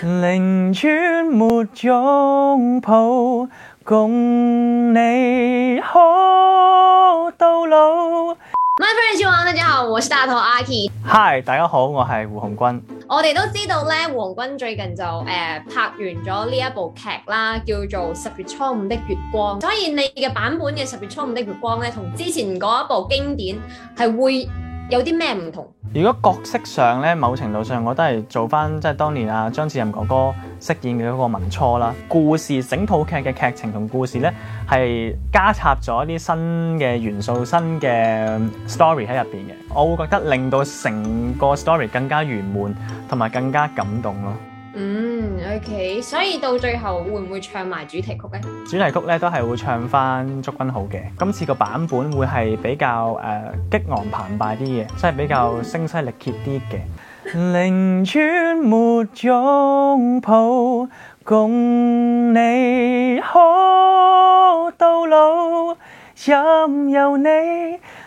靈轉沒擁抱，共你可到老。 My friends，早大家好，我是大頭阿 k e Hi，大家好，我係胡鴻鈞。我哋都知道咧，鴻鈞最近就、呃、拍完咗呢一部劇啦，叫做《十月初五的月光》。所以你嘅版本嘅《十月初五的月光》咧，同之前嗰一部經典係會。有啲咩唔同？如果角色上咧，某程度上我都係做翻即係當年阿、啊、張智霖哥哥飾演嘅嗰個文初啦。故事整套劇嘅劇情同故事咧係加插咗一啲新嘅元素，新嘅 story 喺入邊嘅，我會覺得令到成個 story 更加圓滿同埋更加感動咯。嗯，OK，所以到最後會唔會唱埋主題曲呢？主題曲咧都係會唱翻祝君好嘅，今次個版本會係比較誒激昂澎湃啲嘅，即係比較聲嘶力竭啲嘅。寧願沒擁抱，共你可到老，任由你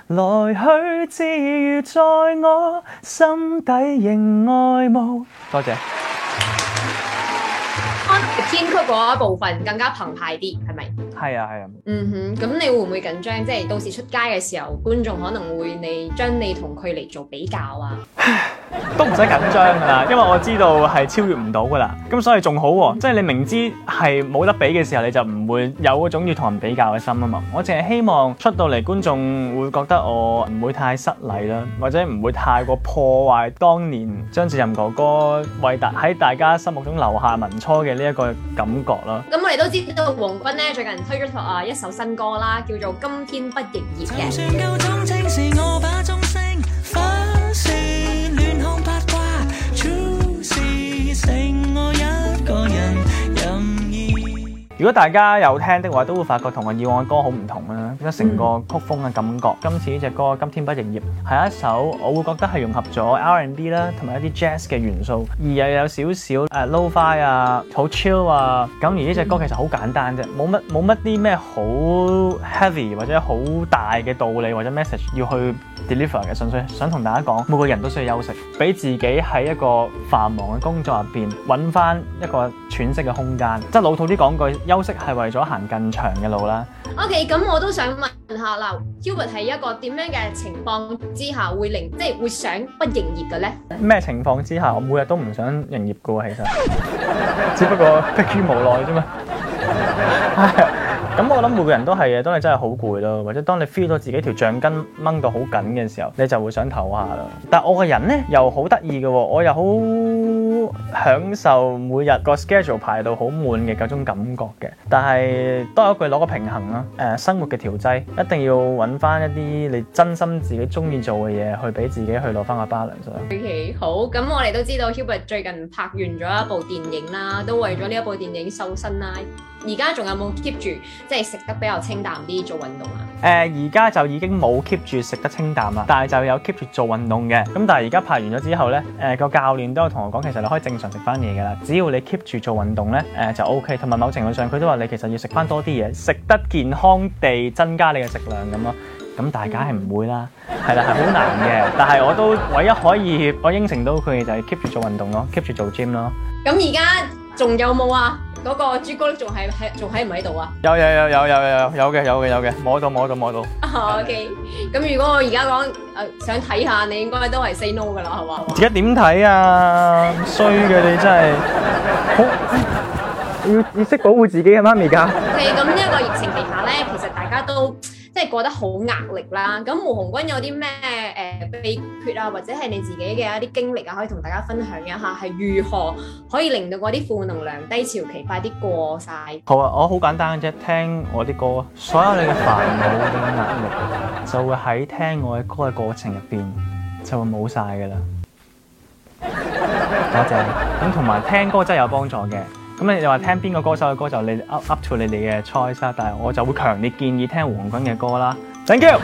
來去自如，在我心底仍愛慕。多謝。編曲嗰一部分更加澎湃啲，係咪？係啊，係啊。嗯哼，咁你會唔會緊張？即係到時出街嘅時候，觀眾可能會你將你同佢嚟做比較啊？都唔使緊張噶啦， 因為我知道係超越唔到噶啦，咁所以仲好喎啊。即係你明知係冇得比嘅時候，你就唔會有嗰種要同人比較嘅心啊嘛。我淨係希望出到嚟，觀眾會覺得我唔會太失禮啦，或者唔會太過破壞當年張智霖哥、哥哥為大喺大家心目中留下文初嘅呢一個感覺啦，咁我哋都知道黃君咧最近推出咗啊一首新歌啦，叫做《今天不營業》嘅。如果大家有聽的話，都會發覺同我以往嘅歌好唔同啦。咁成個曲風嘅感覺，今次呢隻歌《今天不營業》係一首我會覺得係融合咗 R&B 啦，同埋一啲 jazz 嘅元素，而又有少少誒 lo-fi 啊，好 chill 啊。咁而呢隻歌其實好簡單啫，冇乜冇乜啲咩好 heavy 或者好大嘅道理或者 message 要去 deliver 嘅，純粹想同大家講，每個人都需要休息，俾自己喺一個繁忙嘅工作入邊揾翻一個喘息嘅空間。即係老土啲講句休。休息係為咗行更長嘅路啦。OK，咁我都想問下啦，Hubert 係一個點樣嘅情況之下會令即係會想不營業嘅咧？咩情況之下？我每日都唔想營業嘅喎，其實，只不過迫於無奈啫嘛。咁我諗每個人都係嘅，當你真係好攰咯，或者當你 feel 到自己條橡筋掹到好緊嘅時候，你就會想唞下啦。但係我個人咧，又好得意嘅，我又好。享受每日個 schedule 排到好滿嘅嗰種感覺嘅，但係都有一句攞個平衡啦，誒、呃，生活嘅調劑一定要揾翻一啲你真心自己中意做嘅嘢，去俾自己去攞翻個 balance。OK 好，咁我哋都知道 Hubert 最近拍完咗一部電影啦，都為咗呢一部電影瘦身啦，而家仲有冇 keep 住即係食得比較清淡啲做運動啊？誒，而家、呃、就已經冇 keep 住食得清淡啦，但係就有 keep 住做運動嘅。咁但係而家拍完咗之後呢，誒、呃、個教練都有同我講，其實你可以正常食翻嘢噶啦，只要你 keep 住做運動呢，誒、呃、就 OK。同埋某程度上，佢都話你其實要食翻多啲嘢，食得健康地增加你嘅食量咁咯。咁大家係唔會啦，係啦、嗯，係好難嘅。但係我都唯一可以，我應承到佢就係 keep 住做運動咯，keep 住做 gym 咯。咁而家。仲有冇啊？嗰個朱古力仲係係仲喺唔喺度啊？有有有有有有有嘅有嘅有嘅，摸到摸到摸到。OK，咁如果我而家講誒想睇下，你應該都係 say no 㗎喇，係嘛？而家點睇啊？衰嘅你真係，要要識保護自己嘅媽咪㗎。OK，咁呢一個疫情底下咧，其實大家都。即係過得好壓力啦，咁胡紅軍有啲咩，誒秘訣啊？或者係你自己嘅一啲經歷啊，可以同大家分享一下，係如何可以令到嗰啲負能量低潮期快啲過晒？好啊，我好簡單嘅啫，聽我啲歌，所有你嘅煩惱嘅壓力就會喺聽我嘅歌嘅過程入邊就會冇晒噶啦。 多謝，咁同埋聽歌真係有幫助嘅。咁你又話聽邊個歌手嘅歌，就你 up up to 你哋嘅 choice 啦，但係我就會強烈建議聽黃軍嘅歌啦。Thank you。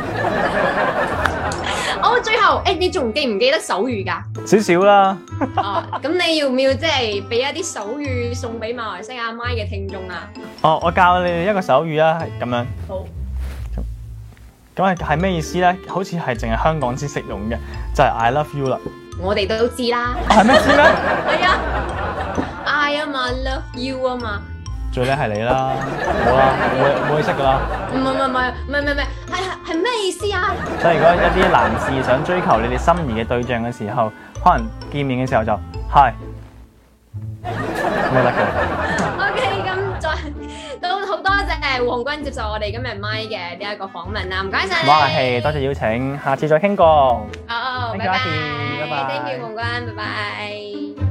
好，最後誒，你仲記唔記得手語噶？少少啦。哦，咁你要唔要即係俾一啲手語送俾馬來西亞阿媽嘅聽眾啊？哦，我教你一個手語啊，咁樣。好。咁係係咩意思咧？好似係淨係香港先適用嘅，就係 I love you 啦。我哋都知啦。係咩知咧？係啊。係啊嘛，love you 啊嘛。最叻係你啦，冇啦，唔好唔好意思噶啦。唔係唔係唔係唔係唔係，係係咩意思啊？即係如果一啲男士想追求你哋心儀嘅對象嘅時候，可能見面嘅時候就係冇得嘅。OK，咁再都好多謝胡鴻鈞接受我哋今日麥嘅呢一個訪問啦，唔該晒。冇客氣，多謝邀請，下次再傾過。好，拜拜。再見，胡鴻鈞，拜拜。